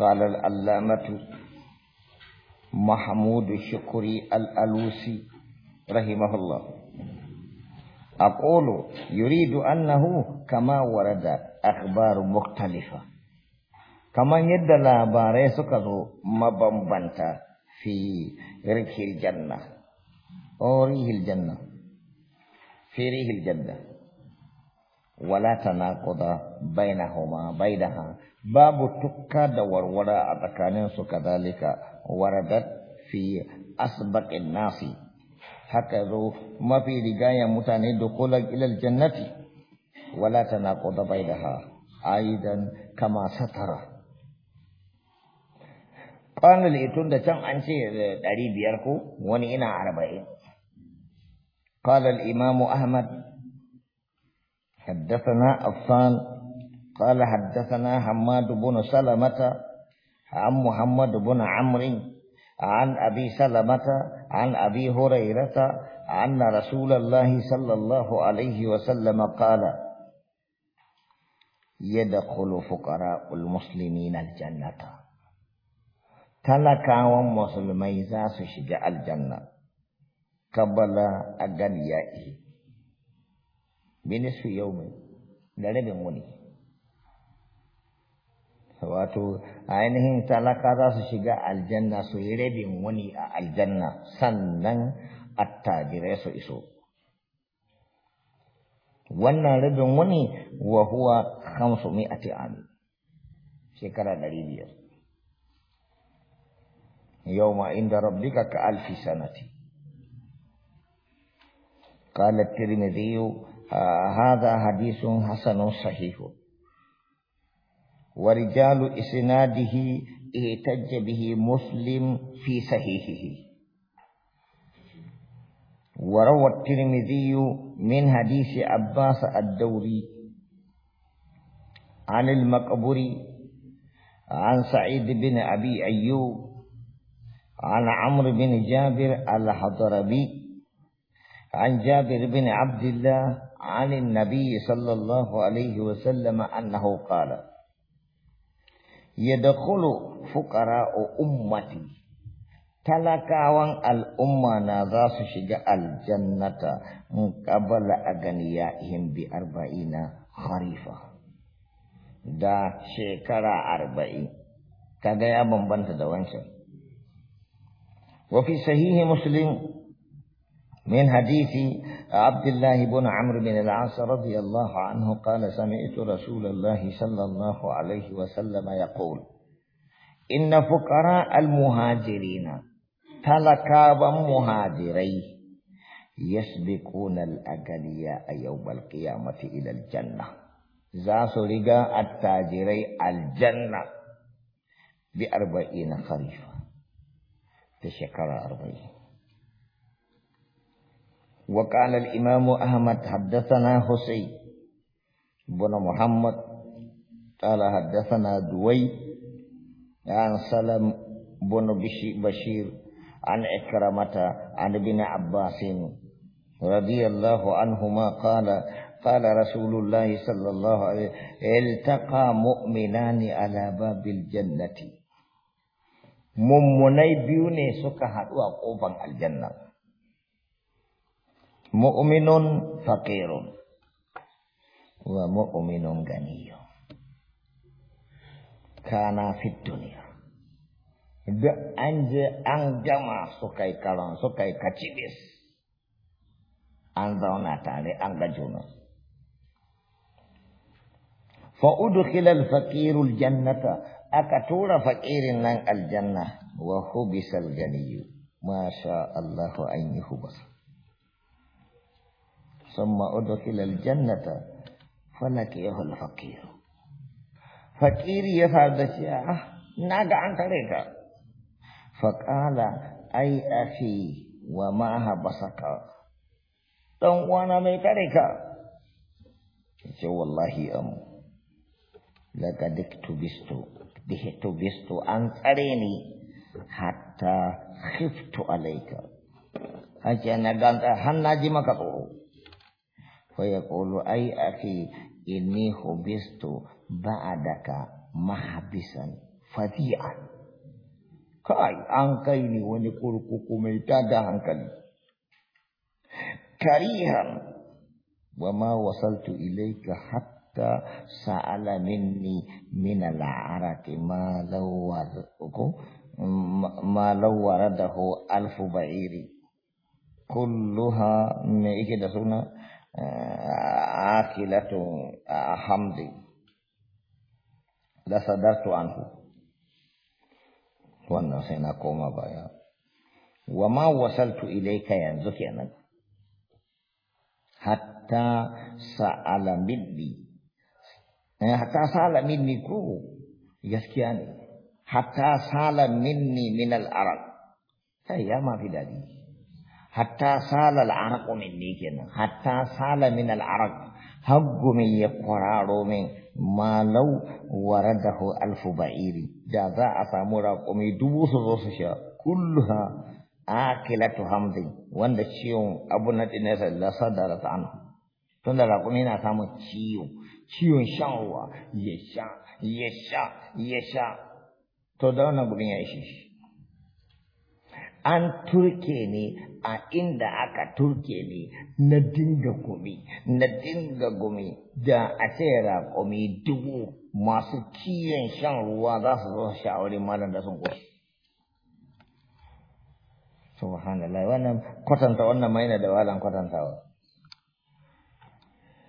قال العلامة محمود الشكري الألوسي رحمه الله أقول يريد أنه كما ورد أخبار مختلفة كما يد لاباري سكزو مبنبنتا في ريح الجنة أو ريح الجنة في ريح الجنة ولا تناقض بينهما بينها باب تكا ولا أتكانين كذلك وردت في أسبق الناس هكذا ما في رجاية متاني دخولا إلى الجنة ولا تناقض بينها أيضا كما سترى قال itun da can أنسي ce ɗari وني إنا عربي قال الإمام أحمد حدثنا أفان قال حدثنا حماد بن سلمة عن محمد بن عمرو عن أبي سلمة عن أبي هريرة أن رسول الله صلى الله عليه وسلم قال يدخل فقراء المسلمين الجنة talakawan ومسلمين ذا سشجع الجنة قبل kabala binisu mai da rabin wani, wato ainihin talaka za su shiga aljanna su yi rabin wani a aljanna sannan attajirai su iso wannan rabin wani wa huwa kamsu a ti'ami shekara ɗari biyar yau ma inda rabbika ka alfi sanati قال الترمذي هذا حديث حسن صحيح ورجال إسناده احتج به مسلم في صحيحه وروى الترمذي من حديث عباس الدوري عن المقبري عن سعيد بن أبي أيوب عن عمرو بن جابر الحضربي عن جابر بن عبد الله عن النبي صلى الله عليه وسلم أنه قال يدخل فقراء أمتي talakawan al'umma na za su shiga aljannata in ƙabala a ganiya ihin bi arba'ina harifa da shekara arba'in kaga ya bambanta da wancan wafi sahihi muslim من حديث عبد الله بن عمرو بن العاص رضي الله عنه قال سمعت رسول الله صلى الله عليه وسلم يقول إن فقراء المهاجرين تلقى مهاجري يسبقون الأقلياء يوم القيامة إلى الجنة زاسو رجاء التاجري الجنة بأربعين خريفا تشكر أربعين وقال الإمام أحمد حدثنا حسين بن محمد قال حدثنا دوي عن سلم بن بشير عن إكرمة عن ابن عباس رضي الله عنهما قال قال رسول الله صلى الله عليه وسلم التقى مؤمنان على باب الجنة ممني بيوني سكهات وقوفا الجنة mu'minun faqirun wa mu'minun ganiyun kana fit duniya duk an je sukai gama sukai kai karon su kai kacibis an zauna tare juna fa udkhila al-faqir jannata akatura fakirin faqirin al jannah wa hubisa al-ganiyyu ma sha Allah an ثم ادخل الجنة فلكيه الفقير فقير يا فردشا نادى عن طريقه فقال اي اخي وما حبسك دون وانا مي طريقه والله ام لقد اكتبست اكتبست عن طريقي حتى خفت عليك أجي أنا قلت هل ناجي ما كتبه kolo ai ake akulu ai akhi inni hubistu ba'daka mahbisan fadhi'an. Kai angkai ni wani kurkuku kuma ita da hankali. Karihan wa ma wasaltu ilaika hatta sa'ala minni ni al-arati ma lawar ko ma lawar da ho alfu ba'iri me ike da suna آكلة حمد لصدرت عنه wannan sai na koma baya wa ma wasaltu ilayka yanzu kenan hatta sa'ala minni eh hatta sa'ala minni ku gaskiya ne Hata sa'ala minni min al-arab sai ya mafi dadi hatta sala al'araqu minni kenan hatta sala min al'araq haggu min ya kwararo min law waradahu alfu ba'iri da za a samu raƙumi dubu su zo su sha kulluha akilatu hamdi wanda ciwon abu na dinasa la sadara ta anhu tun da raƙumi na samu ciwo ciwon shan ruwa ya sha ya sha ya sha to da wannan gudun ya ishe an turke ni a inda aka turke ni na dinga gumi na dinga gumi da a ce raƙumi dubu masu kiyon shan ruwa za su zo sha'awari malam da sun ƙoshi subhanallah wannan kwatanta wannan maina da walan kwatantawa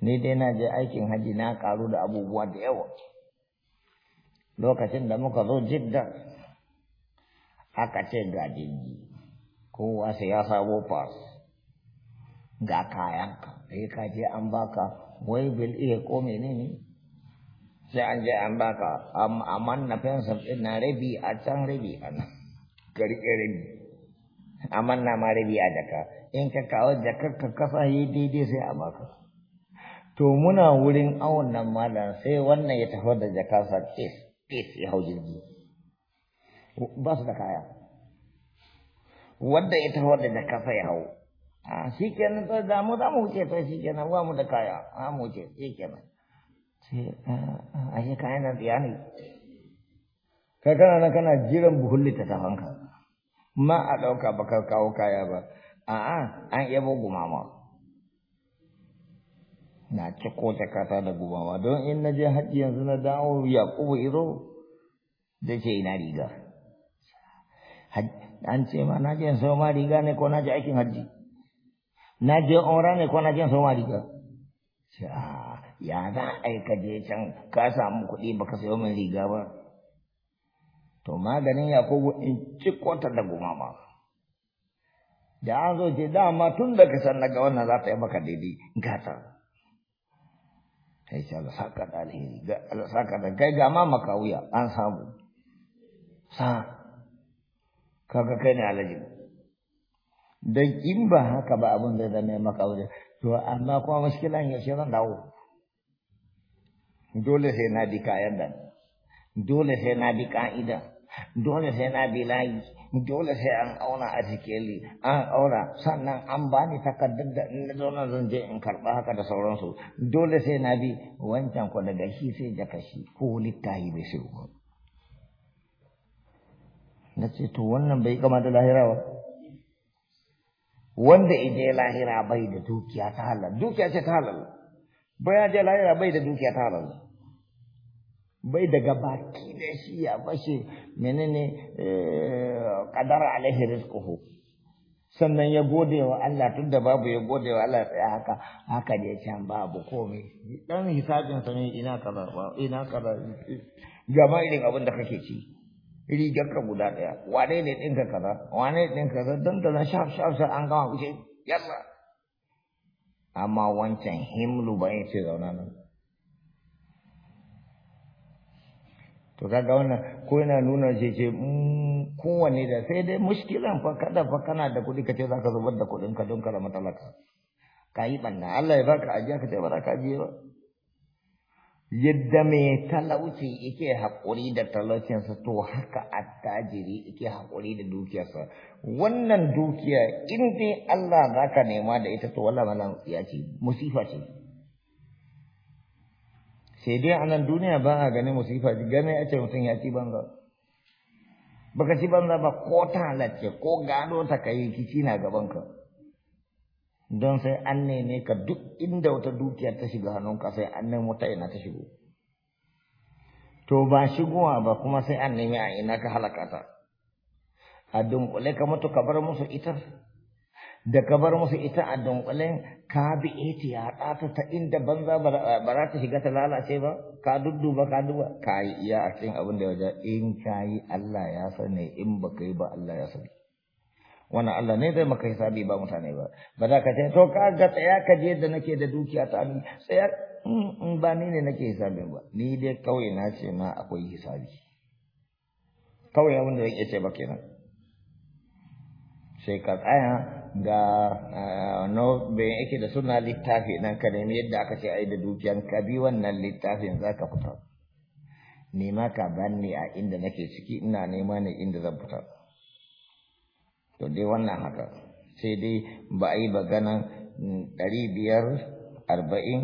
ni dai na je aikin haji na karu da abubuwa da yawa lokacin da muka zo jidda aka ce ga jirgi kowa sai ya sabo fas ga kayanka sai eh, ka je an baka wai bil iya ko menene sai an je an baka amman na fensa na rabi a can rabi a nan karke rabi amman na ma rabi a jaka in ka kawo jakar ka kasa yi daidai sai a baka to muna wurin awon nan malam sai wannan ya tafi da jakarsa tis tis ya hau jirgi ba su da kaya Wadda ita wadda da kasa ya hau a shi kenan ta damu za mu wuce ta shi kenan ba mu da kaya a mu wuce shi kenan sai a shi kayan nan tsiya ne kai kana nan kana jiran ta tafanka ma a ɗauka ba ka kawo kaya ba a'a an yabo gumama na ciko kasa da gumama don in na je hajji yanzu na dawo yakubu Iro, da ce ina riga an ce ma na je sau ma riga ne ko na je aikin hajji na je umra ne ko na je sau riga ya za a yi ka je can ka samu kuɗi baka sayo min riga ba to maganin yakubu in ci kota da gumama da an zo ce ma tun da ka san naga wannan za ta yi maka daidai gata sai ce Allah saka da alheri Allah saka da kai ga ma maka wuya an samu sa kaga kai ne alaji dan in ba haka ba abin zai zama maka aure to amma kuma mushkilan ya shi zan dawo dole sai na bi kayan da dole sai na bi ka'ida dole sai na bi layi dole sai an auna a tikeli an auna sannan an bani takardar da in na zauna zan je in karɓa haka da sauransu dole sai na bi wancan ko daga shi sai jaka shi ko littahi bai sai ba na ce to wannan bai kama da lahira ba wanda ije lahira bai da dukiya ta halal dukiya ce ta halal bai ya je lahira bai da dukiya ta halal bai daga baki da shi ya fashe menene kadara eh, alaihi rizquhu sannan ya gode wa Allah tun da babu ya gode wa Allah tsaya haka haka ne ya can babu komai dan hisabin sa ne ina kaza ina kaza gama irin abin da kake ci rigar ka guda ɗaya wane ne ɗinka kaza wane ne ɗinka kaza don da shaf shaf sai an gama kushe yalla amma wancan himlu ba ce zauna nan to kaga wannan ko yana nuna ce ce kowanne da sai dai mushkilan fa kada fa kana da kuɗi za ka zubar da kuɗin ka don kada matalaka ka yi ɓanna Allah ya baka ajiya ka ce ba za ka ajiye ba yadda mai talauci yake haƙuri da talaucinsa to haka attajiri yake haƙuri da dukiyarsa wannan dukiya in dai Allah za ka nema da ita to wallah malam ya ce musifa ce sai dai a nan duniya ba a gani musifa ce gane a ce mutum ya ci banza baka ci banza ba ko ta halarce ko gado ta kai kici na gabanka don sai an ka duk inda wata dukiya ta shiga hannunka sai an nemo ta ina ta shigo to ba shigowa ba kuma sai an nemi a ina ka halaka ta a dunkule ka mutu ka bar musu ita da ka bar musu ita a dunkule ka bi ita ya ɗata ta inda banza ba ta shiga ta lalace ba ka dudduba ka duba ka yi iya a cikin abin da ya wajen in ka yi Allah ya sani in ba ka yi ba Allah ya sani wannan Allah ne zai maka hisabi ba mutane ba ba za ka ce to ka ga tsaya ka je da nake da dukiya ta ni tsaya in mm, mm, ba ni ne nake hisabin ba ni dai kawai na ce ma akwai hisabi kawai abin da zan ce ba kenan sai ka tsaya ga ah, no be yake da suna littafi nan ka nemi yadda aka ce ai da dukiyan ka bi wannan littafin za ka fita nema ka banni a inda nake ciki ina nema ne inda zan fita to dai wannan haka sai dai ba a yi maganan mm, ɗari biyar arba'in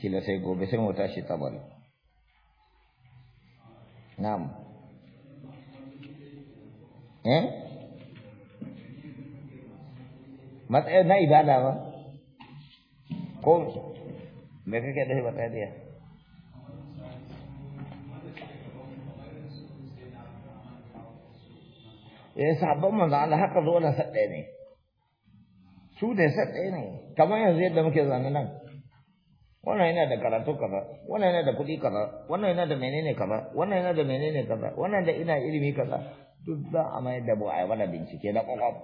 kila sai gobe sai mu tashi tabal na'am eh matsayin na ibada ba ko me kake da shi biya. eh sabon manzo Allah haka zo na sadde ne su da sadde ne kamar yanzu yadda muke zaune nan wannan yana da karatu kaza wannan yana da kuɗi kaza wannan yana da menene kaza wannan yana da menene kaza wannan da ina ilimi kaza duk za a mai da bu a yi mana bincike na kwakwaf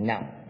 na